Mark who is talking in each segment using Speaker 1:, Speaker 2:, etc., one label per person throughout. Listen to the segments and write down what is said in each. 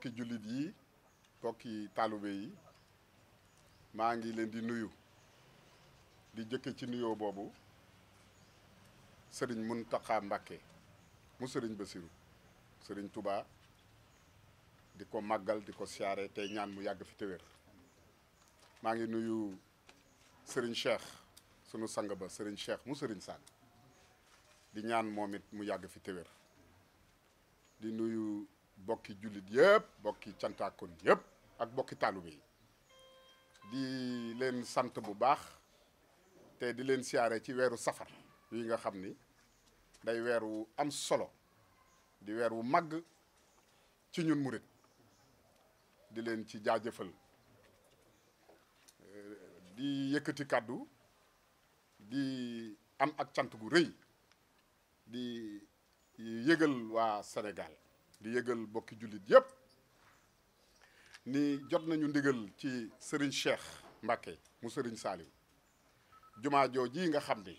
Speaker 1: mbokki jullit yi mbokki taalibe yi maa ngi leen di nuyu di jëkk ci nuyoo boobu sëriñ Muntaxa Mbàkke mu sëriñ ba siru sëriñ Touba di ko màggal di ko siyaare tey ñaan mu yàgg fi te maa ngi nuyu sëriñ Cheikh sunu sang ba sëriñ Cheikh mu sëriñ sang di ñaan moom mu yàgg fi te di nuyu bokki jullit yëpp bokki cantaakoon yëpp ak bokki taalibe yi di leen sant bu baax te di leen siyaare ci weeru safar yi nga xam ni day weer wu am solo di weer wu màgg ci ñun murit di leen ci jaajëfal eh, di yëkkati kàddu di am ak cant gu rëy di yëgal waa senegal di yëgal bokki jullit yépp ni jot nañu ndigal ci sëriñ Cheikh Mbacke mu sëriñ Saaliw jumaa jooji nga xam ni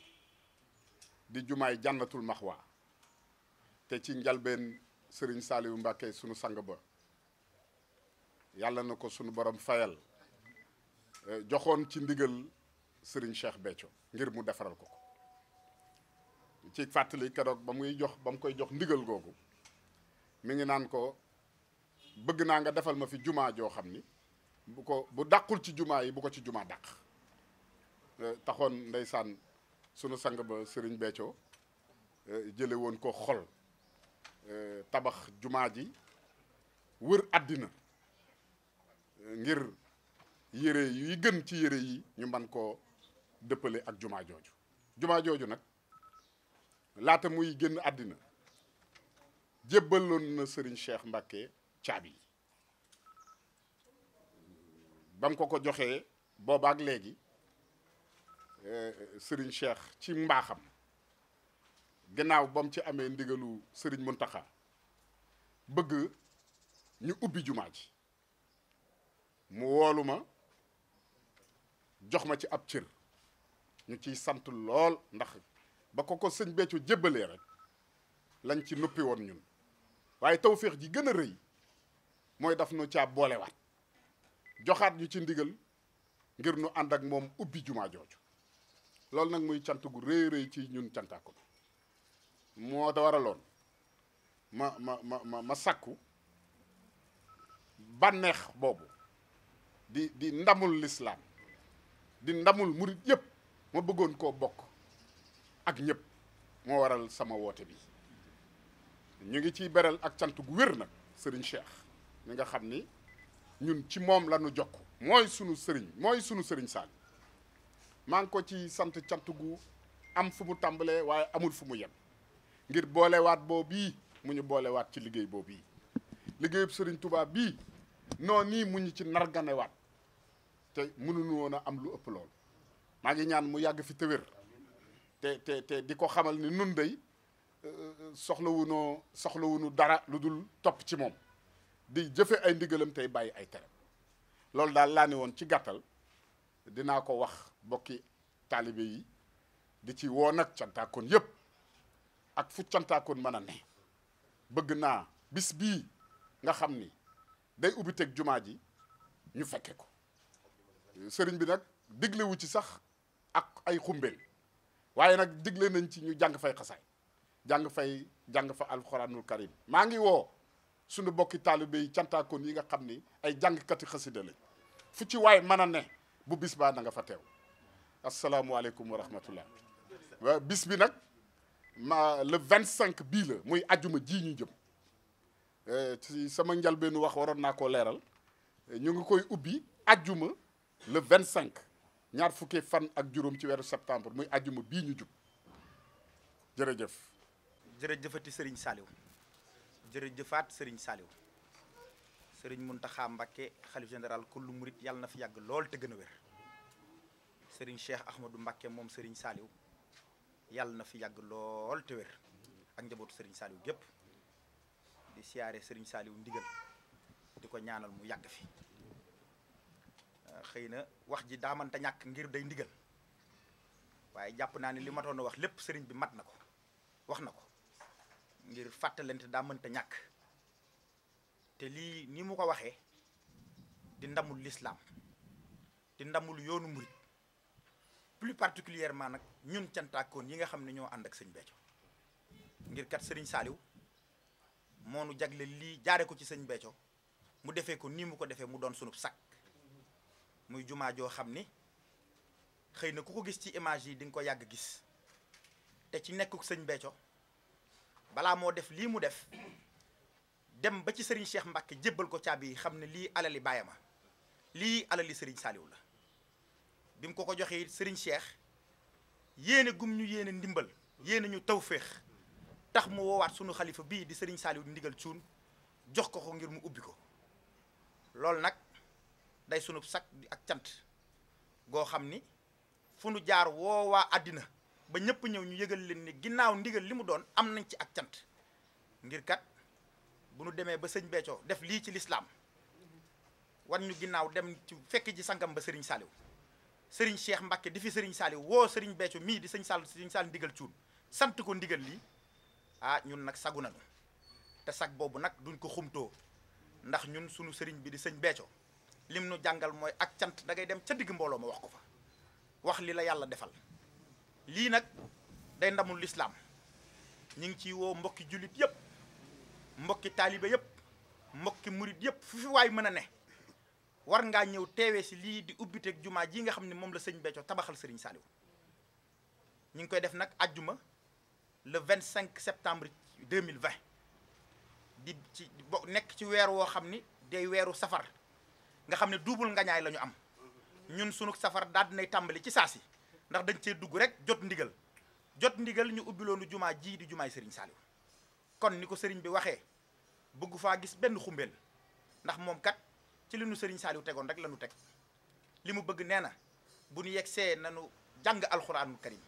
Speaker 1: di jumaay jànnatul maxwa te ci njalbeen sëriñ Saaliw Mbacke sunu sang ba yàlla na ko sunu borom fayal eh, joxoon ci ndigal sëriñ Cheikh Béthio ngir mu defaral ko ko ci fàttali keroog ba muy jox ba mu koy jox ndigal googu mi ngi naan ko bëgg naa nga defal ma fi jumaa joo xam ni bu ko bu dàqul ci jumaa yi bu ko ci jumaa dàq eh, taxoon ndeysaan sunu sang ba Serigne Béthio eh, jële woon ko xol eh, tabax jumaa ji wër àddina ngir yére yi gën ci yére yi ñu man koo dëppale ak jumaa jooju jumaa jooju nag laata muy génn àddina jébbaloon na Serigne Cheikh Mbacke caabi yi ba ko ko joxee boobaak léegi eh, sëriñ Cheikh ci mbaaxam gannaaw bam ci amee ndigalu Serigne Mountakha bëgg ñu ubbi jumaa ji mu woolu ma jox ma ci ab cër ñu ciy sant lool ndax ba ko ko sëñ Béthio jébbalee rek lañ ci noppi woon ñun waaye tawféex ji gën a rëy mooy daf nu caa boolewaat joxaat ñu ci ndigal ngir nu ànd ak moom ubbi jumaa jooju loolu nag muy cant gu rëy rëy ci ñun cantaako moo da waraloon ma ma ma ma ma sàkku bànneex boobu di di ndamul lislaam di ndamul murit yépp ma bëggoon koo bokk ak ñëpp moo waral sama woote bi ñu ngi ci beral ak cant gu wér nag sëriñ Cheikh mi nga xam ni ñun ci moom lañu ñu jokk mooy sunu sëriñ mooy sunu sëriñ Saali maa ngi ko ci sant cant gu am fu mu tàmbalee waaye amul fu mu yem ngir boolewaat boobu bii mu ñu boolewaat ci liggéey boobu bii liggéeyub sëriñ tubaab bii noonu nii mu ñu ci narganewaat te mënuñu woon a am lu ëpp lool maa ngi ñaan mu yàgg fi te te te te di ko xamal ni nun day soxlawunoo soxlawunu dara lu dul topp ci moom di jëfe ay ndigalam tey bàyyi ay tere loolu daal laa ne woon ci gàttal dinaa ko wax bokki taalibe yi di ci woo nag cantaakoon yëpp ak fu cantaakoon mën a ne bëgg naa bis bii nga xam ni day ubbi jumaa ji ñu fekke ko sëriñ bi nag diglewu ci sax ak ay xumbeel waaye nag digle nañ ci ñu jàng fay xasaay jàng fay jàng fa alxuraanu karim maa ngi woo suñu bokki taalibe yi cantaakoon yi nga xam ni ay jàngkati xasida lañ fu ci waay mën a ne bu bis baa na nga fa teew asalaamualeykum wa rahmatullah bis bi nag ma le cinq bii la muy ajuma ji ñu jëm eh, ci sama njalbeenu wax waroon naa koo leeral eh, ñu ngi koy ubbi ajuma le cinq ñaar fukki fan ak juróom ci weeru septembre muy ajuma bii ñu jub jërëjëf jërëjëfati sëriñ
Speaker 2: Saliou jërëjëfaat serigne saliw serigne Mountakha mbake xalif general kullu murit yalna fi yag lol te gëna wër serigne Cheikh Ahmadou mbake mom serigne saliw yalna fi yag lol te wër ak njabot serigne saliw gep di siaré serigne saliw ndigal diko ñaanal mu yag fi euh, xeyna wax ji daamante ñak ngir day ndigal waye japp naa ne li matoon wax lepp serigne bi mat nako wax nako ngir fàttalante daa mënta ñàkk te lii nii mu ko waxee di ndamul lislaam di ndamul yoonu murit plus particulièrement nag ñun cantaakoon yi nga xam ne ñoo ànd ak sëñ Béthio ngir kat sëriñ Saaliw moonu jagle lii jaare ko ci sëñ Béthio mu defee ko nii mu ko defee mu doon sunub sakk muy jumaa joo xam ni xëy na ku ko gis ci image yi dinga ko yàgg gis te ci nekkuk sëñ Béthio balaa moo def lii mu def dem ba ci sëriñ Cheikh Mbacke jébbal ko caabi yi xam ne lii alali baayama lii alali sëriñ Saliou la bi mu ko ko joxee Serigne Cheikh yéene gum ñu yéene ndimbal yéene ñu tawféex tax mu woowaat sunu xalifa bii di sëriñ Saliou di ndigal suun jox ko ko ngir mu ubbi ko loolu nag day sunu sak ak cant goo xam ni fu nu jaar waa àddina ba ñëpp ñëw ñu yëgal leen ni ginnaaw ndigal li mu doon am nañ ci ak cant ngir kat bu nu demee ba sëñ Béthio def lii ci lislaam wan ñu ginnaaw dem ci fekk ji sangam ba sëriñ saliw sëriñ Cheikh Mbacke di fi sëriñ saliw woo sëriñ Béthio mii di sëñ sëriñ ndigal cuun sant ko ndigal lii ah ñun nak sagu nañu te sag boobu nag duñ ko xumtoo ndax ñun suñu sëriñ bi di sëñ Béthio lim nu jàngal mooy ak cant da ngay dem ca digg mbooloo ma wax ko fa wax li la yàlla defal li nak day ndamul l'islam ñi ngi ci wo mbokki julit yëpp mbokki talibé yëpp mbokki murit yëpp fu fi war nga ñew téwé ci li di ak juma ji nga xamni mom la sëñ Béthio tabaxal sëriñ Saliou ñi ngi koy def nak aljuma le 25 septembre 2020 di ci bo nekk ci weer wo xamni day weeru safar nga xamni double ngañay lañu am ñun suñu safar daal dinay tambali ci sasi ndax dañ cee dugg rek jot ndigal jot ndigal ñu ubbiloonu jumaa ji di jumaay sëriñ Saliou kon ni ko sëriñ bi waxee bëgg faa gis benn xumbeel ndax moom kat ci li nu sëriñ Saliou tegoon rek la nu teg li mu bëgg nee na bu ñu yegsee nanu jàng alxuraanu karim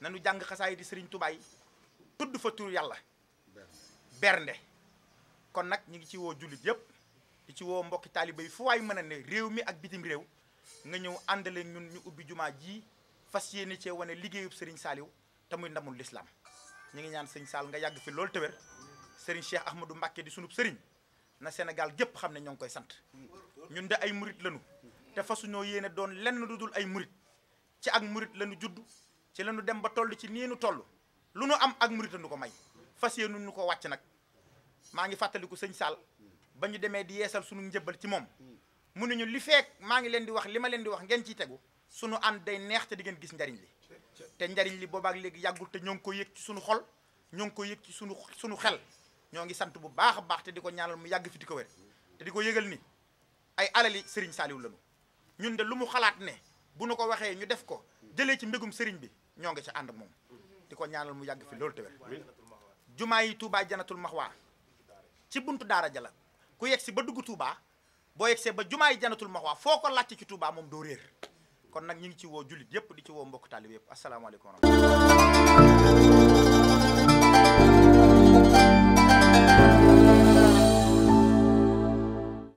Speaker 2: nanu jàng xasaay di sëriñ tubaay tudd fa tur yàlla bernde kon nag ñu ngi ci woo jullit yëpp di ci woo mbokki taaliba yi fu waay mën a ne réew mi ak bitim réew nga ñëw àndale ñun ñu ubbi jumaa ji fas yéene cee wane liggéeyub Serigne saaliw te muy ndamul lislaam ñu ngi ñaan sëñ saal nga yàgg fi loolu tëwér Serigne Cheikh Ahmadou Mbacké di sunub Serigne na Sénégal gépp xam ne ñoo ngi koy sant ñun de ay murit lañu te fasuñoo yéene doon lenn dul ay murit ci ak murit lañu judd ci lañu dem ba toll ci nii nu toll lu nu am ak murit lañu ko may fas yéene ñu ko wàcc nag maa ngi fàttaliku sëñ Sall ba ñu demee di yeesal sunu njëbbal ci moom mu ne ñu li feek maa ngi leen di wax li ma leen di wax ngeen ciy tegu sunu ànd day neex te di ngeen gis njariñ li te njariñ li boobaak léegi yàggul te ñoo ngi ko yëg ci sunu xol ñoo ngi ko yëg ci sunu sunu xel ñoo ngi sant bu baax a baax te di ko ñaanal mu yàgg fi di ko wér te di ko yëgal ni ay alali sëriñ saaliw lanu ñun de lu mu xalaat ne bu nu ko waxee ñu def ko jëlee ci mbégum sëriñ bi ñoo ngi ci ànd moom di ko ñaanal mu yàgg fi loolu te wér jumaa yi Touba janatul maxwaa ci bunt daara ja la ku yegg si ba dugg Touba boo yegg ba jumaa yi janatul maxwaa foo ko laajte ci Touba moom doo réer kon nag ñu ngi ci woo jullit yëpp di ci wo mbokk taalib yëpp asalaamaaleykum wa